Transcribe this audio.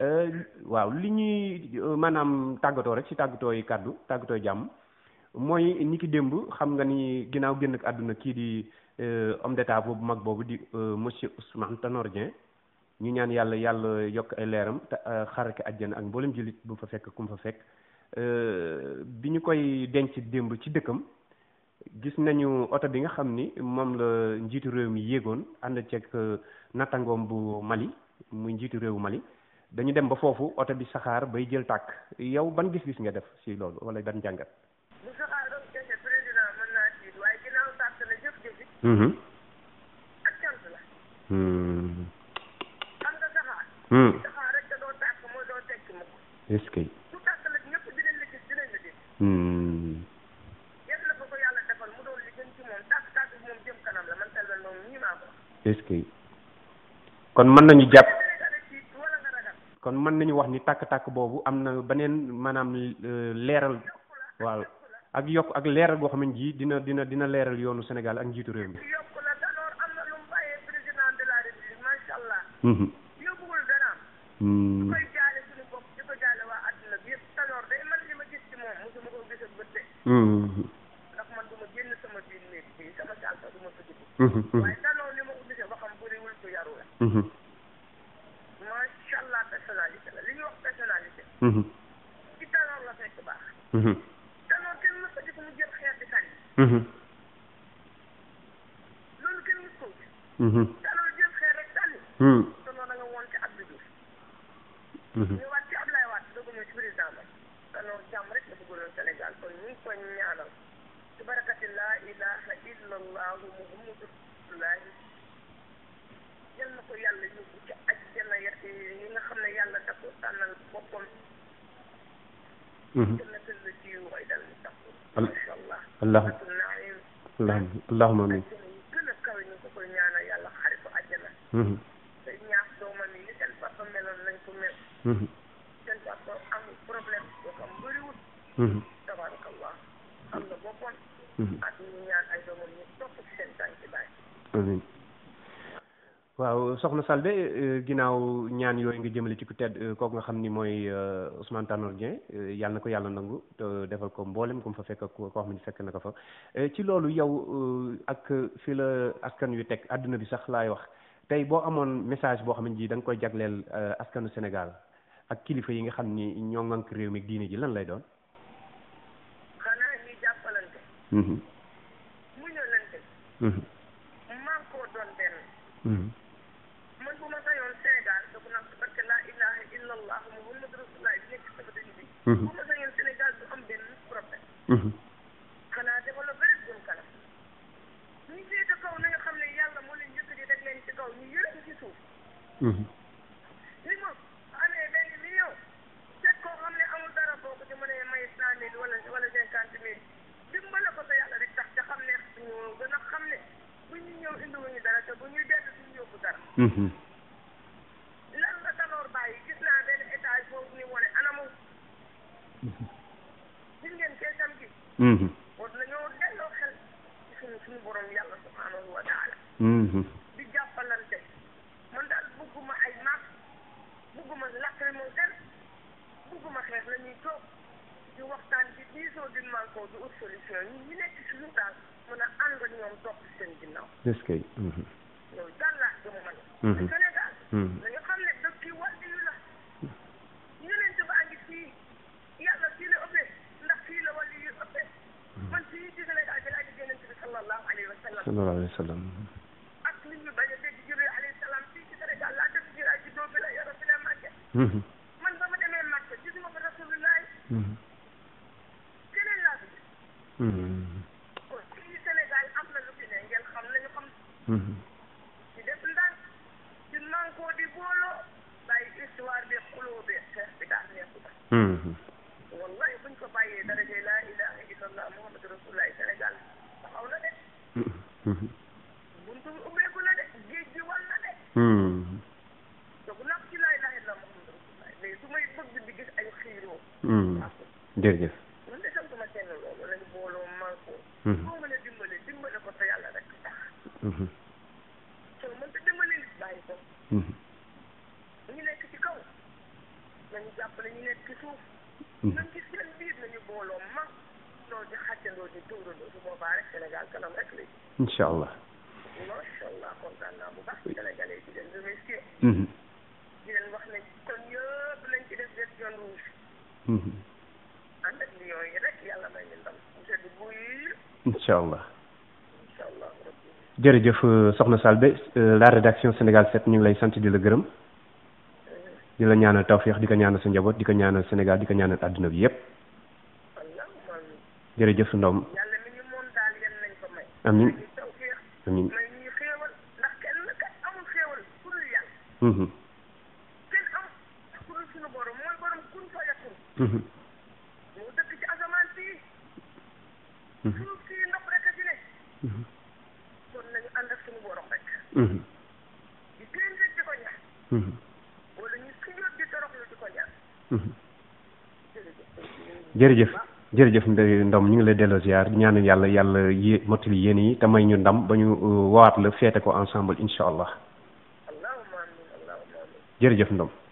Euh, waaw li ñuy euh, maanaam tàggatoo rek ci tàggatoo yi kàddu tàggatoo jàmm mooy ni ki démb xam nga ni ginnaaw génn ak àdduna kii di euh, homme d'état bu mag boobu di monsieur Ousmane Tanor Dieng ñu ñaan yàlla yàlla yokk ay leeram te xarake àjjana ak mboolem jullit bu fa fekk ku mu fa fekk bi ñu koy denc démb ci dëkkam gis nañu oto bi nga xam ni moom la njiitu réew mi yéegoon ànd ceeg nattangoom bu Mali muy njiitu réewu Mali dañu dem ba foofu oto bi saxaar bay jël tàkk yow ban gis-gis nga def si loolu wala ban jàngat. bu saxaar doon kese président mën naa siit waaye ginnaaw tàkk la jëf-jëf bi. Mm-hmm. ak cant la. xam mm-hmm. nga saxaar. Mm-hmm. saxaar rek da doo tàkk mooy doo tekki mukk. est-ce que. su tàkk la ñëpp dinañ la gis dinañ la dégg. yéen la ko ko yàlla defal mu doon li gën ci moom tàkk tàkk bi moom jëm kanam la man tel na moom ñii maa ko. est-ce que kon mën nañu jàpp. kon mën nañu wax ni tàkk-tàkk boobu am na beneen maanaam euh, leeral waaw ak yokk ak leeral goo xam ne dina dina dina leeral yoonu Sénégal ak njiitu réew mi. Mm-hmm. yóbbuwul dara. Mm-hmm. personnalité la li ñuy wax personnalité. Mhm. ci na ko jël na yett yi nga xam ne yàlla da ko tànnal boppam. Mhm. jël na tëdd ci yu koy dal tax. incha allah allahumma allahumma amiin gën a kawe ñu ko koy ñaanal yàlla xari ko àjjana. Mhm. te ñaax doomam yi li seen papa meloon nañ ko mel. Mhm. seen papa amul problème boo xam bëriwul. tabarakallah am na boppam. waaw soxna Salbé euh, ginnaaw ñaan yooyu nga jëmale ci ku tedd euh, kooku nga xam ni mooy euh, Ousmane Tanor Dieng yàlla na ko yàlla nangu defal ko mboolem ku fa fekk ko koo xam ne fekk na ko fa ci loolu yow ak fi la askan yu teg àdduna bi sax laay wax tey boo amoon message boo xam ne ji da koy jagleel askanu Sénégal ak kilifa yi nga xam ni ñoo ŋànk réew mi diine ji lan lay doon. ne ne am am de da ko ko mi tax Mm-hmm. mm-hmm. mm-hmm. mm-hmm. war nañoo delloo xel ci suñu suñu borom yàlla subhaanahu wa taala di jàppalante man daal bugguma ay maak bugguma lakkle moom kenn bugguma xeex la ñuy toog di waxtaan di di ut solution yi ñu nekk ci suñu daal mën a ànd ak ñoom topp seen ginnaaw est-ce que loolu daal laa gëm Mm-hmm. man ba ma demee Makka gisuma ko Rasulullah mm-hmm. keneen laa ko mm-hmm. kon fii Sénégal am na lu fi ne ngeen xam nañu xam ci def ndànk ci mankoo di booloo bàyyi histoire bi xuloo bi xeex bi daal nekku ba wallahi buñ ko bàyyee daraje laa ilaha illallah muhammadu rasulullah Sénégal taxaw na de buntu ubbeeku na de géej gi wal na de Hmm. jërëjëf. ñu nekk ci kaw nañu jàppale ñu nekk booloo mag loo di xàccandoo di tuurandoo su boobaa rek Sénégal kanam rek léegi. incha allah. macha allah kontaan naa bu baax sénégalais yi di leen remercier. Hmm. di leen Mhm. ànd ak millions yi rek yàlla may ñu allah incha allah jërëjëf euh, soxna Selbé euh, la rédaction Sénégal 7 ñu ngi lay sant di la gërëm di la ñaanal tawféex di ko ñaanal sa njaboot di ko ñaanal Sénégal di ko ñaanal àdduna bi yépp jërëjëf ndom amin amin amin mu mhm. dëkk ci asamaan mhm. mhm. jërëjëf jërëjëf Ndeye Ndom ñu ngi lay delloo ziar ñaanu yàlla yàlla yé mottali yi te may ñu ndam ba ñu uh, waat la feete ko ensemble incha allah jërëjëf Ndom